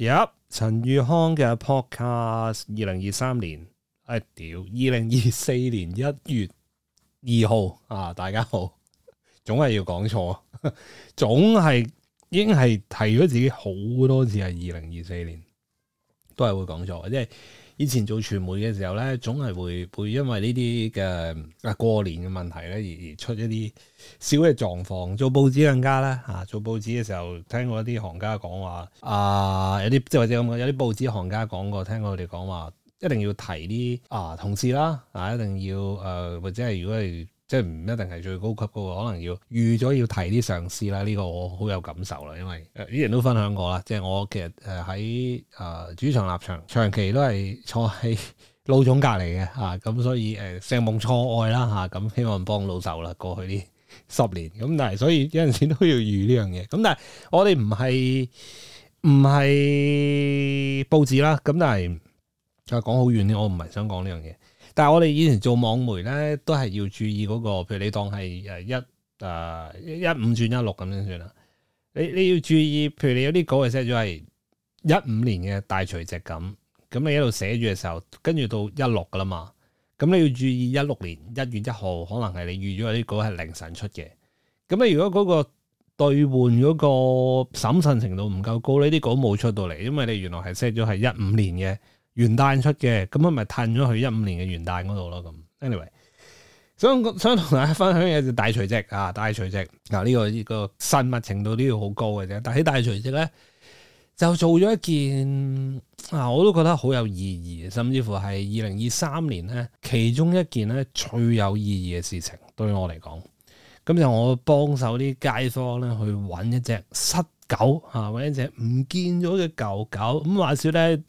Yep，陳宇康嘅 podcast，二零二三年，誒屌，二零二四年一月二號啊。大家好，總係要講錯，總係已經係提咗自己好多次係二零二四年，都係會講錯，即係。以前做傳媒嘅時候咧，總係會會因為呢啲嘅啊過年嘅問題咧而而出一啲小嘅狀況。做報紙行家咧啊，做報紙嘅時候聽過一啲行家講話啊，有啲即係或者咁嘅，有啲報紙行家講過，聽過佢哋講話，一定要提啲啊同事啦啊，一定要誒、呃、或者係如果係。即係唔一定係最高級嗰個，可能要預咗要提啲上司啦。呢、這個我好有感受啦，因為以前都分享過啦。即係我其實誒喺誒主場立場，長期都係坐喺老總隔籬嘅吓，咁、啊、所以誒承、呃、蒙錯愛啦吓，咁、啊、希望幫老手啦過去呢十年咁、嗯。但係所以有陣時都要預呢樣嘢。咁、嗯、但係我哋唔係唔係布置啦。咁但係再、啊、講好遠啲，我唔係想講呢樣嘢。但係我哋以前做網媒咧，都係要注意嗰個，譬如你當係誒一誒一五轉一六咁先算啦。你你要注意，譬如你有啲稿係 set 咗係一五年嘅大除夕咁，咁你一度寫住嘅時候，跟住到一六噶啦嘛，咁你要注意一六年一月一號可能係你預咗啲稿係凌晨出嘅，咁你如果嗰個兌換嗰個審慎程度唔夠高，你啲稿冇出到嚟，因為你原來係 set 咗係一五年嘅。元旦出嘅，咁我咪褪咗去一五年嘅元旦嗰度咯。咁，anyway，想想同大家分享嘅就大除夕啊，大除夕嗱呢個呢個生物程度都要好高嘅啫。但喺大除夕咧，就做咗一件啊，我都覺得好有意義，甚至乎係二零二三年咧，其中一件咧最有意義嘅事情，對我嚟講，咁就我幫手啲街坊咧去搵一隻失狗啊，搵一隻唔見咗嘅舊狗，咁話說咧。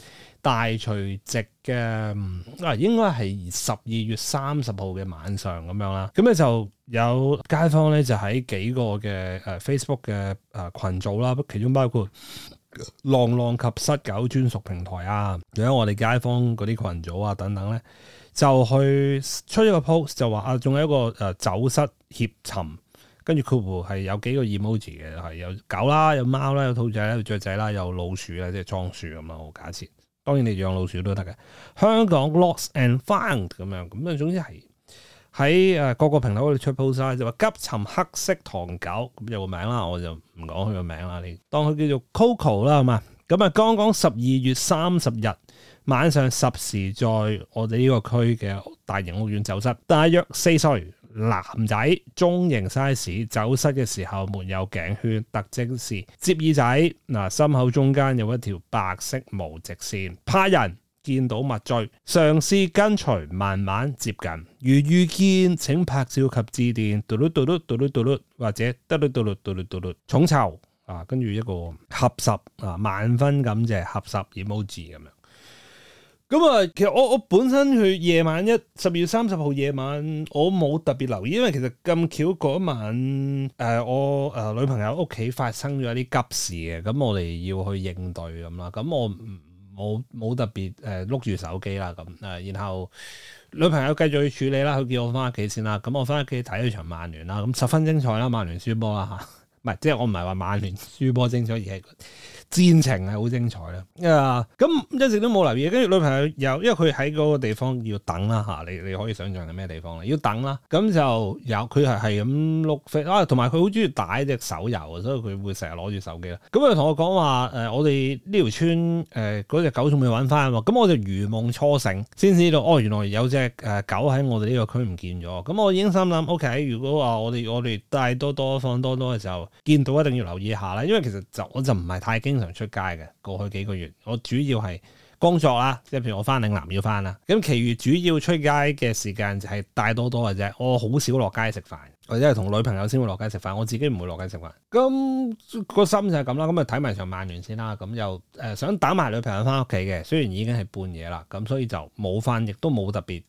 大除夕嘅啊，應該係十二月三十號嘅晚上咁樣啦。咁咧就有街坊咧，就喺幾個嘅誒、呃、Facebook 嘅誒、呃、群組啦，其中包括浪浪及失狗專屬平台啊，仲有我哋街坊嗰啲群組啊等等咧，就去出一個 post 就話啊，仲有一個誒、呃、走失協尋，跟住括弧係有幾個 emoji 嘅，係有狗啦，有貓啦，有兔仔啦，有雀仔，有雀仔啦，有老鼠啦，即係倉鼠咁啊，我假設。當然你養老鼠都得嘅，香港 lost and found 咁樣，咁啊總之係喺誒各個平台度出 post 就話急尋黑色唐狗，咁有個名啦，我就唔講佢個名啦，你當佢叫做 Coco 啦，係嘛？咁啊，剛剛十二月三十日晚上十時，在我哋呢個區嘅大型屋苑走失，大約四歲。男仔中型 size，走失嘅時候沒有頸圈，特徵是接耳仔，嗱心口中間有一條白色無直線，怕人見到勿追，嘗試跟隨慢慢接近，如遇見請拍照及致電，嘟嘟嘟嘟嘟嘟嘟嚕或者嘟嘟嘟嘟嘟嚕嘟嚕，重酬啊，跟住一個合十啊，萬分感謝合十而冇字咁樣。咁啊、嗯，其實我我本身去夜晚一十二月三十號夜晚，我冇特別留意，因為其實咁巧嗰晚，誒、呃、我誒、呃、女朋友屋企發生咗一啲急事嘅，咁、嗯、我哋要去應對咁、嗯嗯呃、啦，咁我冇冇特別誒碌住手機啦咁，誒然後女朋友繼續去處理啦，佢叫我翻屋企先啦，咁、嗯、我翻屋企睇咗場曼聯啦，咁、嗯、十分精彩啦，曼聯輸波啦吓，唔 係，即係我唔係話曼聯輸波精彩，而係。戰情係好精彩啦，啊、uh, 咁一直都冇留意，跟住女朋友有，因為佢喺嗰個地方要等啦嚇、啊，你你可以想像係咩地方咧？要等啦，咁就有佢係係咁碌飛啊，同埋佢好中意打隻手遊，所以佢會成日攞住手機啦。咁佢同我講話誒，我哋呢條村誒嗰、呃、隻狗仲未揾翻，咁我就如夢初醒，先知道哦，原來有隻誒、呃、狗喺我哋呢個區唔見咗。咁、啊、我已經心諗，OK，如果話我哋我哋帶多多放多多嘅時候，見到一定要留意下啦，因為其實就我就唔係太驚。常出街嘅，過去幾個月我主要係工作啦，即係譬如我翻嶺南要翻啦，咁其餘主要出街嘅時間就係大多多嘅啫，我好少落街食飯，或者係同女朋友先會落街食飯，我自己唔會落街食飯。咁、嗯，那個心就係咁啦，咁啊睇埋場曼聯先啦，咁、嗯、又誒、呃、想打埋女朋友翻屋企嘅，雖然已經係半夜啦，咁、嗯、所以就冇翻，亦都冇特別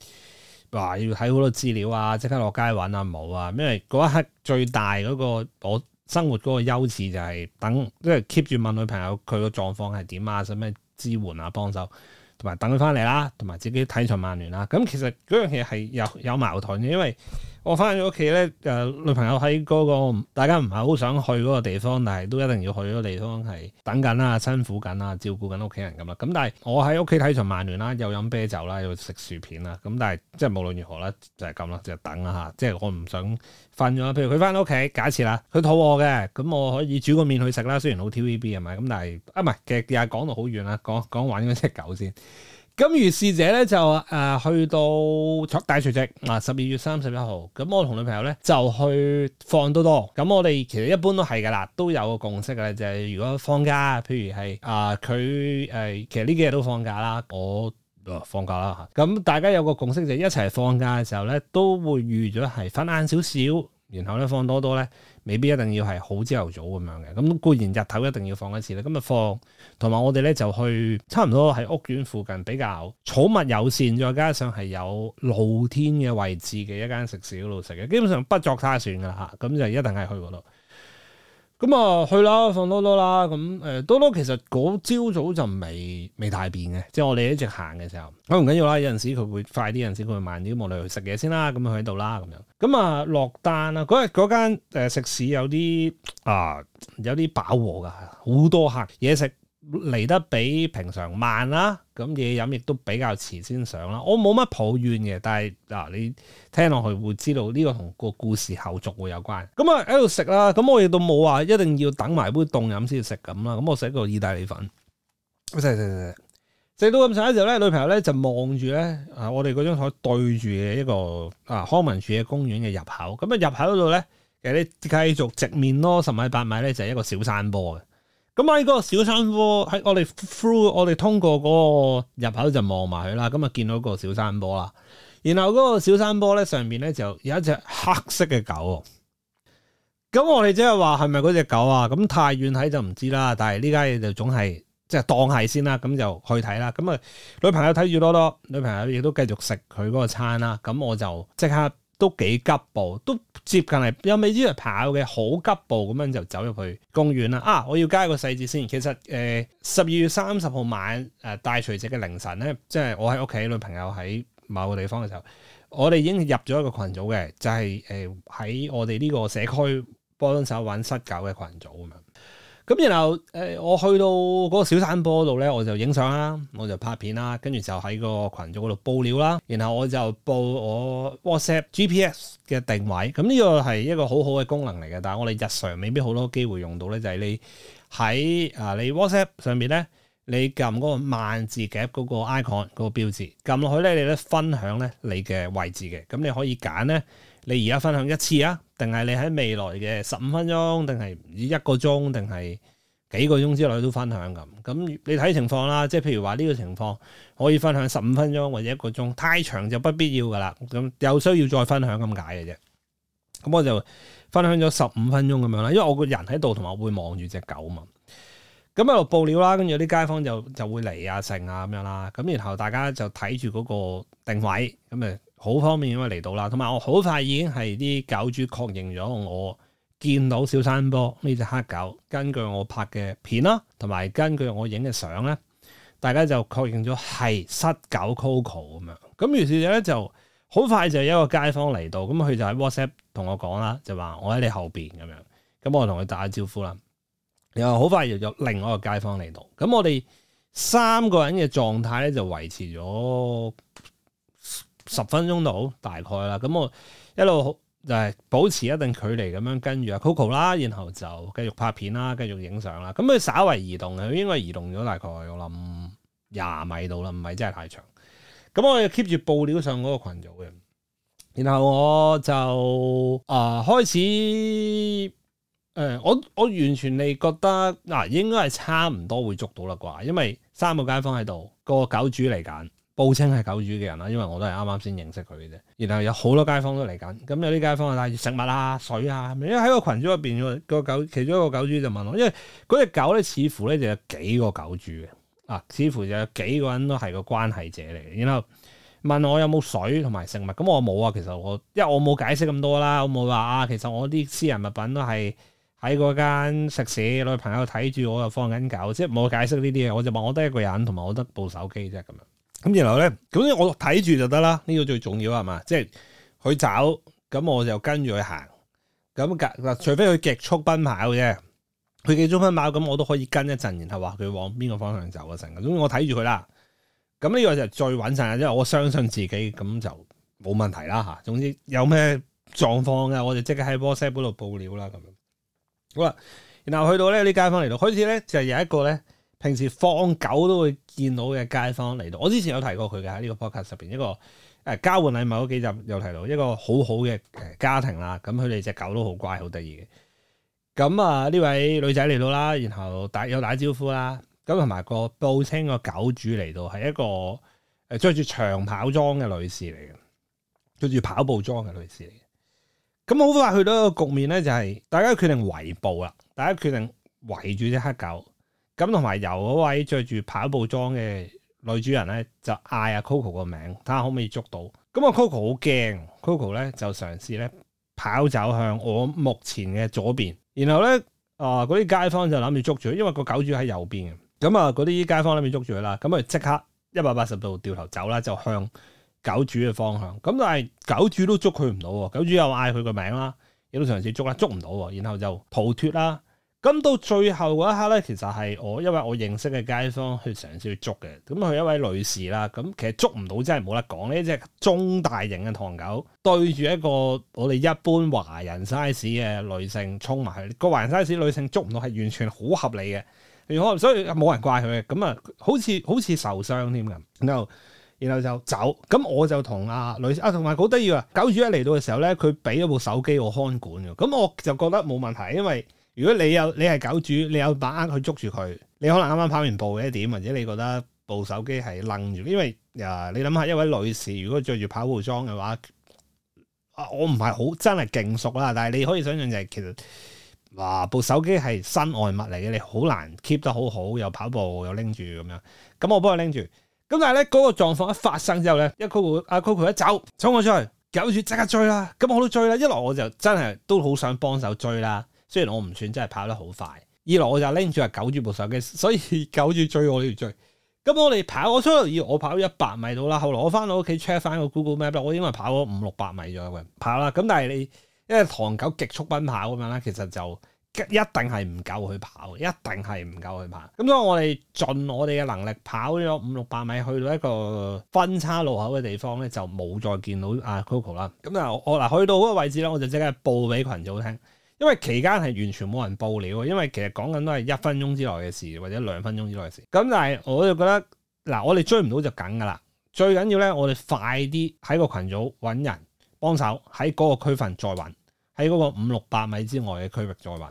話要睇好多資料啊，即刻落街搵啊，冇啊，因為嗰一刻最大嗰、那個我。生活嗰個優勢就係等，即係 keep 住問女朋友佢個狀況係點啊，使咩支援啊、幫手，同埋等佢翻嚟啦，同埋自己睇上曼聯啦。咁其實嗰樣嘢係有有矛盾嘅，因為。我翻咗屋企咧，誒女朋友喺嗰、嗰個大家唔係好想去嗰個地方，但係都一定要去嗰個地方係等緊啦、辛苦緊啦、照顧緊屋企人咁啦。咁但係我喺屋企睇場曼聯啦，又飲啤酒啦，又食薯片啦。咁但係即係無論如何啦，就係咁啦，就係、等啦吓，即係我唔想瞓咗。譬如佢翻到屋企，假設啦，佢肚餓嘅，咁我可以煮個麵去食啦。雖然好 TVB 係咪咁，但係啊，唔係其實講到好遠啦，講講玩嗰隻狗先。咁如是者咧就誒、呃、去到大除夕啊十二月三十一號，咁我同女朋友咧就去放多多。咁我哋其實一般都係噶啦，都有個共識嘅就係、是、如果放假，譬如係啊佢誒，其實呢幾日都放假啦，我、呃、放假啦。咁大家有個共識就一齊放假嘅時候咧，都會預咗係瞓晏少少。然後咧放多多咧，未必一定要係好朝頭早咁樣嘅。咁、嗯、固然日頭一定要放一次咧，今日放，同埋我哋咧就去差唔多喺屋苑附近比較寵物友善，再加上係有露天嘅位置嘅一間食肆嗰度食嘅，基本上不作他選噶嚇。咁、嗯、就一定係去嗰度。咁啊、嗯，去啦，放多多啦。咁、嗯、誒，多多其實嗰朝早就未未大便嘅，即係我哋一直行嘅時候，緊唔緊要啦？有陣時佢會快啲，有陣時佢會慢啲。無論去食嘢先啦，咁去喺度啦，咁樣。咁、嗯、啊，落、嗯、單啦。嗰日嗰間食肆有啲啊，有啲飽和噶，好多客嘢食。嚟得比平常慢啦，咁嘢飲亦都比較遲先上啦。我冇乜抱怨嘅，但係嗱、啊，你聽落去會知道呢、呢個同個故事後續會有關。咁啊喺度食啦，咁、嗯、我亦都冇話一定要等埋杯凍飲先食咁啦。咁、嗯、我食個意大利粉，食食食食到咁上嘅時候咧，女朋友咧就望住咧啊，我哋嗰張台對住嘅一個啊康文署嘅公園嘅入口。咁、嗯、啊入口嗰度咧，其實你繼續直面咯十米八米咧就係一個小山坡嘅。咁喺嗰個小山坡，喺我哋 through 我哋通過嗰個入口就望埋佢啦。咁啊見到個小山坡啦，然後嗰個小山坡咧，上面咧就有一隻黑色嘅狗。咁我哋即係話係咪嗰隻狗啊？咁太遠睇就唔知啦。但係呢家嘢就總係即係當係先啦。咁就去睇啦。咁啊女朋友睇住多多，女朋友亦都繼續食佢嗰個餐啦。咁我就即刻。都幾急步，都接近嚟又未知係跑嘅，好急步咁樣就走入去公園啦！啊，我要加一個細節先，其實誒十二月三十號晚誒大、呃、除夕嘅凌晨咧，即係我喺屋企，女朋友喺某個地方嘅時候，我哋已經入咗一個群組嘅，就係誒喺我哋呢個社區幫手搵失狗嘅群組咁樣。咁然後誒、呃，我去到嗰個小山坡度咧，我就影相啦，我就拍片啦，跟住就喺個群組嗰度報料啦。然後我就報我 WhatsApp GPS 嘅定位，咁、嗯、呢、這個係一個好好嘅功能嚟嘅。但係我哋日常未必好多機會用到咧，就係、是、你喺啊、呃、你 WhatsApp 上面咧，你撳嗰個萬字夾嗰個 icon 嗰個標誌，撳落去咧，你咧分享咧你嘅位置嘅。咁你可以揀咧，你而家分享一次啊！定係你喺未來嘅十五分鐘，定係一個鐘，定係幾個鐘之內都分享咁。咁、嗯、你睇情況啦，即係譬如話呢個情況可以分享十五分鐘或者一個鐘，太長就不必要噶啦。咁有需要再分享咁解嘅啫。咁、嗯、我就分享咗十五分鐘咁樣啦，因為我個人喺度同埋我會望住隻狗啊嘛。咁一路報料啦，跟住有啲街坊就就會嚟啊剩啊咁樣啦。咁然後大家就睇住嗰個定位咁誒。好方便咁樣嚟到啦，同埋我好快已經係啲狗主確認咗我見到小山坡呢隻黑狗，根據我拍嘅片啦，同埋根據我影嘅相咧，大家就確認咗係失狗 Coco 咁樣。咁於是咧就好快就有一個街坊嚟到，咁佢就喺 WhatsApp 同我講啦，就話我喺你後邊咁樣，咁我同佢打招呼啦。然後好快又有另外一個街坊嚟到，咁我哋三個人嘅狀態咧就維持咗。十分鐘到大概啦，咁我一路就係保持一定距離咁樣跟住阿 Coco 啦，然後就繼續拍片啦，繼續影相啦。咁佢稍微移動嘅，佢應該移動咗大概我諗廿米度啦，唔係真係太長。咁我 keep 住報料上嗰個羣組嘅，然後我就啊、呃、開始誒、呃，我我完全你覺得嗱、啊、應該係差唔多會捉到啦啩，因為三個街坊喺度，個狗主嚟緊。報稱係狗主嘅人啦，因為我都係啱啱先認識佢嘅啫。然後有好多街坊都嚟緊，咁有啲街坊啊帶住食物啊、水啊，因為喺個羣組入邊個狗其中一個狗主就問我，因為嗰隻狗咧似乎咧就有幾個狗主嘅，啊，似乎就有幾個人都係個關係者嚟。然後問我有冇水同埋食物，咁我冇啊，其實我因為我冇解釋咁多啦，我冇話啊，其實我啲私人物品都係喺嗰間食肆，女朋友睇住我又放緊狗，即係冇解釋呢啲嘢，我就問我得一個人，同埋我得部手機啫咁樣。咁然後咧，咁我睇住就得啦，呢個最重要係嘛？即係佢走，咁我就跟住佢行。咁隔嗱，除非佢極速奔跑嘅，佢極速奔跑，咁我都可以跟一陣，然後話佢往邊個方向走啊成。總之我睇住佢啦。咁呢個就最穩陣，因為我相信自己，咁就冇問題啦吓。總之有咩狀況嘅，我就即刻喺 WhatsApp 嗰度報料啦。咁樣好啦，然後去到咧，啲街坊嚟到，開始咧就有一個咧。平時放狗都會見到嘅街坊嚟到，我之前有提過佢嘅，喺呢個 podcast 上邊一個誒交換禮物嗰幾集有提到一個好好嘅家庭啦，咁佢哋隻狗都好乖好得意嘅。咁啊呢位女仔嚟到啦，然後打有打招呼啦，咁同埋個報稱個狗主嚟到係一個誒、呃、着住長跑裝嘅女士嚟嘅，着住跑步裝嘅女士嚟嘅。咁、嗯、好快去到一個局面咧，就係、是、大家決定圍捕啦，大家決定圍住隻黑狗。咁同埋由嗰位着住跑步裝嘅女主人咧，就嗌阿 Coco 個名，睇下可唔可以捉到。咁啊，Coco 好驚，Coco 咧就嘗試咧跑走向我目前嘅左邊。然後咧啊，嗰啲街坊就諗住捉住佢，因為個狗主喺右邊。咁啊，嗰啲街坊諗住捉住佢啦。咁啊，即刻一百八十度掉頭走啦，就向狗主嘅方向。咁但係狗主都捉佢唔到，狗主又嗌佢個名啦，亦都嘗試捉啦，捉唔到，然後就逃脫啦。咁到最後嗰一刻咧，其實係我因為我認識嘅街坊去嘗試去捉嘅，咁佢一位女士啦，咁其實捉唔到真係冇得講。呢隻中大型嘅唐狗對住一個我哋一般華人 size 嘅女性衝埋去，個華人 size 女性捉唔到係完全好合理嘅，所以冇人怪佢嘅。咁啊，好似好似受傷添嘅，然後然後就走。咁我就同阿女啊，同埋好得意啊，狗主一嚟到嘅時候咧，佢俾咗部手機我看管嘅，咁我就覺得冇問題，因為。如果你有你係狗主，你有把握去捉住佢，你可能啱啱跑完步嘅點，或者你覺得部手機係掕住，因為啊，你諗下一位女士如果着住跑步裝嘅話，啊，我唔係好真係勁熟啦，但係你可以想象就係、是、其實哇，部手機係身外物嚟嘅，你好難 keep 得好好，又跑步又拎住咁樣，咁我幫佢拎住，咁但係咧，嗰個狀況一發生之後咧，一 Coco 阿 Coco 一走，衝我出去，狗主即刻追啦，咁我都追啦，一來我就真係都好想幫手追啦。雖然我唔算真係跑得好快，二來我就拎住係狗住部手機，所以狗住追我都要追。咁我哋跑，我初頭以我跑一百米到啦，後來我翻到屋企 check 翻個 Google Map 我已經跑咗五六百米左右嘅跑啦。咁但係你因為唐狗極速奔跑咁樣啦，其實就一定係唔夠佢跑，一定係唔夠佢跑。咁所以我哋盡我哋嘅能力跑咗五六百米，去到一個分叉路口嘅地方咧，就冇再見到阿 Coco 啦。咁啊，我嗱去到嗰個位置咧，我就即刻報俾群組聽。因為期間係完全冇人報料，因為其實講緊都係一分鐘之內嘅事或者兩分鐘之內嘅事。咁但係我就覺得嗱，我哋追唔到就梗噶啦。最緊要咧，我哋快啲喺個群組揾人幫手，喺嗰個區份再揾，喺嗰個五六百米之外嘅區域再揾。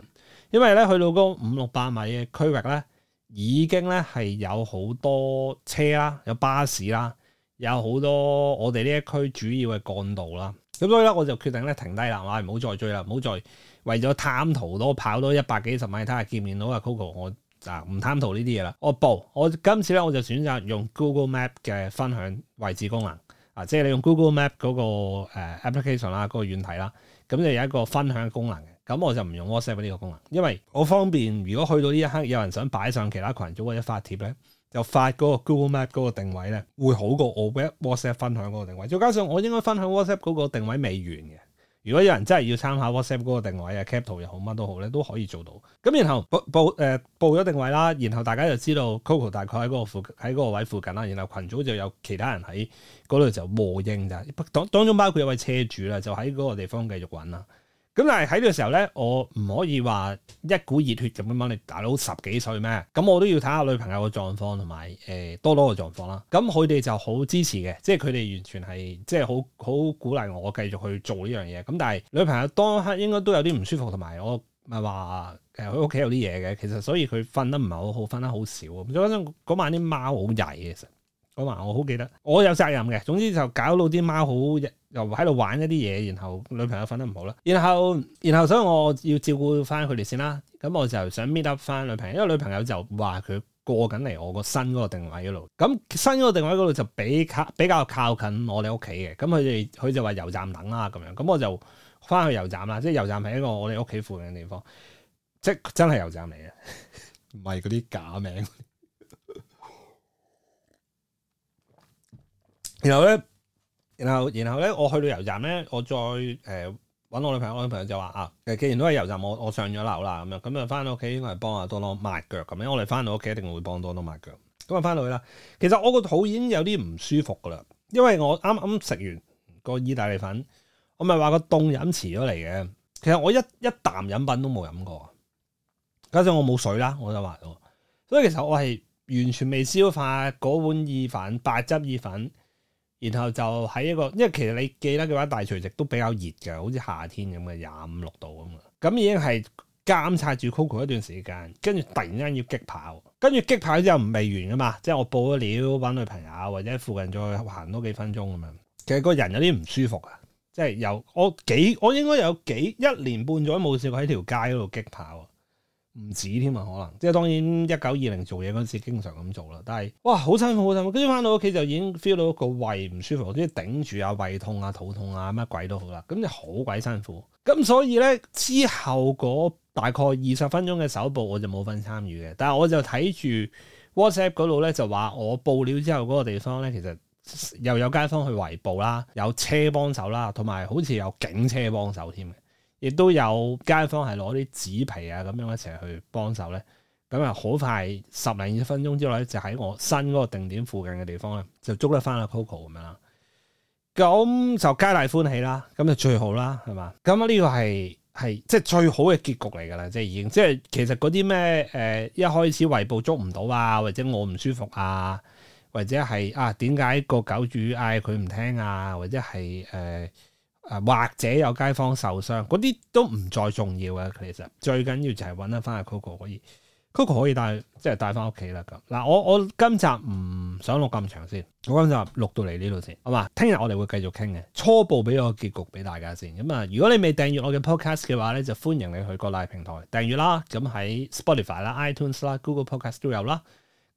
因為咧去到嗰五六百米嘅區域咧，已經咧係有好多車啦，有巴士啦，有好多我哋呢一區主要嘅幹道啦。咁所以咧，我就決定咧停低啦，唔好再追啦，唔好再為咗探圖多跑多一百幾十米，睇下見唔見到啊 Coco。我啊唔探圖呢啲嘢啦，我報我今次咧我就選擇用 Google Map 嘅分享位置功能啊，即係你用 Google Map 嗰個、呃、application 啦，嗰個軟體啦，咁就有一個分享嘅功能嘅，咁我就唔用 WhatsApp 呢個功能，因為我方便，如果去到呢一刻有人想擺上其他群組或者發帖咧。就發嗰個 Google Map 嗰個定位咧，會好過我 WhatsApp 分享嗰個定位。再加上我應該分享 WhatsApp 嗰個定位未完嘅。如果有人真係要參考 WhatsApp 嗰個定位啊 cap 圖又好，乜都好咧，都可以做到。咁然後報報誒報咗、呃、定位啦，然後大家就知道 Coco 大概喺嗰個附近，喺嗰個位附近啦。然後群組就有其他人喺嗰度就和應咋。當當中包括有位車主啦，就喺嗰個地方繼續揾啦。咁但係喺呢個時候咧，我唔可以話一股熱血咁樣，你大佬十幾歲咩？咁我都要睇下女朋友嘅狀況同埋誒多多嘅狀況啦。咁佢哋就好支持嘅，即係佢哋完全係即係好好鼓勵我繼續去做呢樣嘢。咁但係女朋友當刻應該都有啲唔舒服，同埋我咪話誒佢屋企有啲嘢嘅，其實所以佢瞓得唔係好好，瞓得好少。再加上嗰晚啲貓好曳嘅我好記得，我有責任嘅。總之就搞到啲貓好，又喺度玩一啲嘢，然後女朋友瞓得唔好啦。然後，然後所以我要照顧翻佢哋先啦。咁我就想 meet up 翻女朋友，因為女朋友就話佢過緊嚟我個新嗰個定位嗰度。咁新嗰個定位嗰度就比較比較靠近我哋屋企嘅。咁佢哋佢就話油站等啦咁樣。咁我就翻去油站啦，即係油站係一個我哋屋企附近嘅地方。即係真係油站嚟嘅，唔係嗰啲假名。然後咧，然後然後咧，我去到油站咧，我再誒搵我女朋友，我女朋友就話啊，既然都係油站，我我上咗樓啦，咁樣，咁就翻到屋企應該係幫阿多多抹腳咁樣，我哋翻到屋企一定會幫多多抹腳。咁啊，翻到去啦，其實我個肚已經有啲唔舒服噶啦，因為我啱啱食完個意大利粉，我咪話個凍飲遲咗嚟嘅，其實我一一啖飲品都冇飲過，加上我冇水啦，我就話咗，所以其實我係完全未消化嗰碗意粉，白汁意粉。然後就喺一個，因為其實你記得嘅話，大除夕都比較熱嘅，好似夏天咁嘅，廿五六度啊，咁已經係監察住 Coco 一段時間，跟住突然間要激跑，跟住激跑之後仲未完啊嘛，即係我報咗料，揾女朋友或者附近再行多幾分鐘咁啊，其實個人有啲唔舒服啊，即係由我幾我應該有幾一年半咗冇試過喺條街嗰度激跑。唔止添啊，可能即係當然一九二零做嘢嗰陣時經常咁做啦，但係哇好辛苦好辛苦，跟住返到屋企就已經 feel 到個胃唔舒服，或者頂住啊胃痛啊、肚痛啊乜鬼都好啦，咁就好鬼辛苦。咁所以咧之後嗰大概二十分鐘嘅首部我就冇份參與嘅，但係我就睇住 WhatsApp 嗰度咧就話我報料之後嗰個地方咧其實又有街坊去圍捕啦，有車幫手啦，同埋好似有警車幫手添。亦都有街坊係攞啲紙皮啊咁樣一齊去幫手咧，咁啊好快十零二分鐘之內咧，就喺我新嗰個定點附近嘅地方咧，就捉得翻阿 Coco 咁樣啦。咁就皆大歡喜啦，咁就最好啦，係嘛？咁呢個係係即係最好嘅結局嚟噶啦，即係已經，即係其實嗰啲咩誒一開始圍捕捉唔到啊，或者我唔舒服啊，或者係啊點解個狗主嗌佢唔聽啊，或者係誒？呃啊、或者有街坊受傷，嗰啲都唔再重要嘅。其實最緊要就係揾得翻阿 Coco 可以，Coco 可以帶，即係帶翻屋企啦。咁嗱、啊，我我今集唔想錄咁長先，我今集錄到嚟呢度先，好嘛？聽日我哋會繼續傾嘅。初步俾個結局俾大家先。咁啊，如果你未訂閱我嘅 Podcast 嘅話咧，就歡迎你去各大平台訂閱啦。咁、啊、喺 Spotify 啦、iTunes 啦、Google Podcast 都有啦。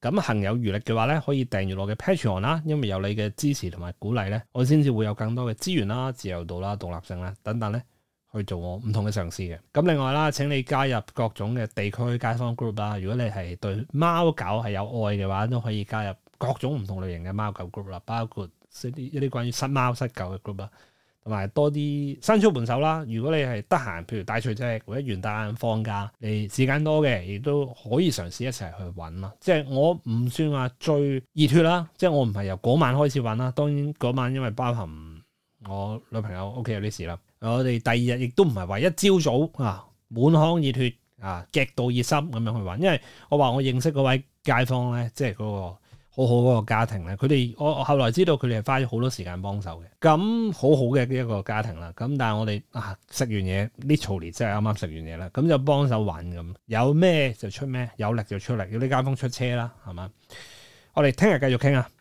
咁行有餘力嘅話咧，可以訂閱我嘅 Patreon 啦，因為有你嘅支持同埋鼓勵咧，我先至會有更多嘅資源啦、自由度啦、獨立性啦等等咧，去做我唔同嘅嘗試嘅。咁另外啦，請你加入各種嘅地區街坊 group 啦。如果你係對貓狗係有愛嘅話，都可以加入各種唔同類型嘅貓狗 group 啦，包括一啲一啲關於失貓失狗嘅 group 啦。同埋多啲伸出援手啦！如果你係得閒，譬如大除夕或者元旦放假，你時間多嘅，亦都可以嘗試一齊去揾啦。即係我唔算話最熱血啦，即係我唔係由嗰晚開始揾啦。當然嗰晚因為包含我女朋友屋企有啲事啦，我哋第二日亦都唔係話一朝早，早啊，滿腔熱血啊，極度熱心咁樣去揾，因為我話我認識嗰位街坊咧，即係嗰、嗰個。好好嗰個家庭咧，佢哋我我後來知道佢哋係花咗好多時間幫手嘅，咁好好嘅一個家庭啦。咁但係我哋食、啊、完嘢，literally 真係啱啱食完嘢啦，咁就幫手玩。咁，有咩就出咩，有力就出力，有啲街坊出車啦，係嘛？我哋聽日繼續傾啊！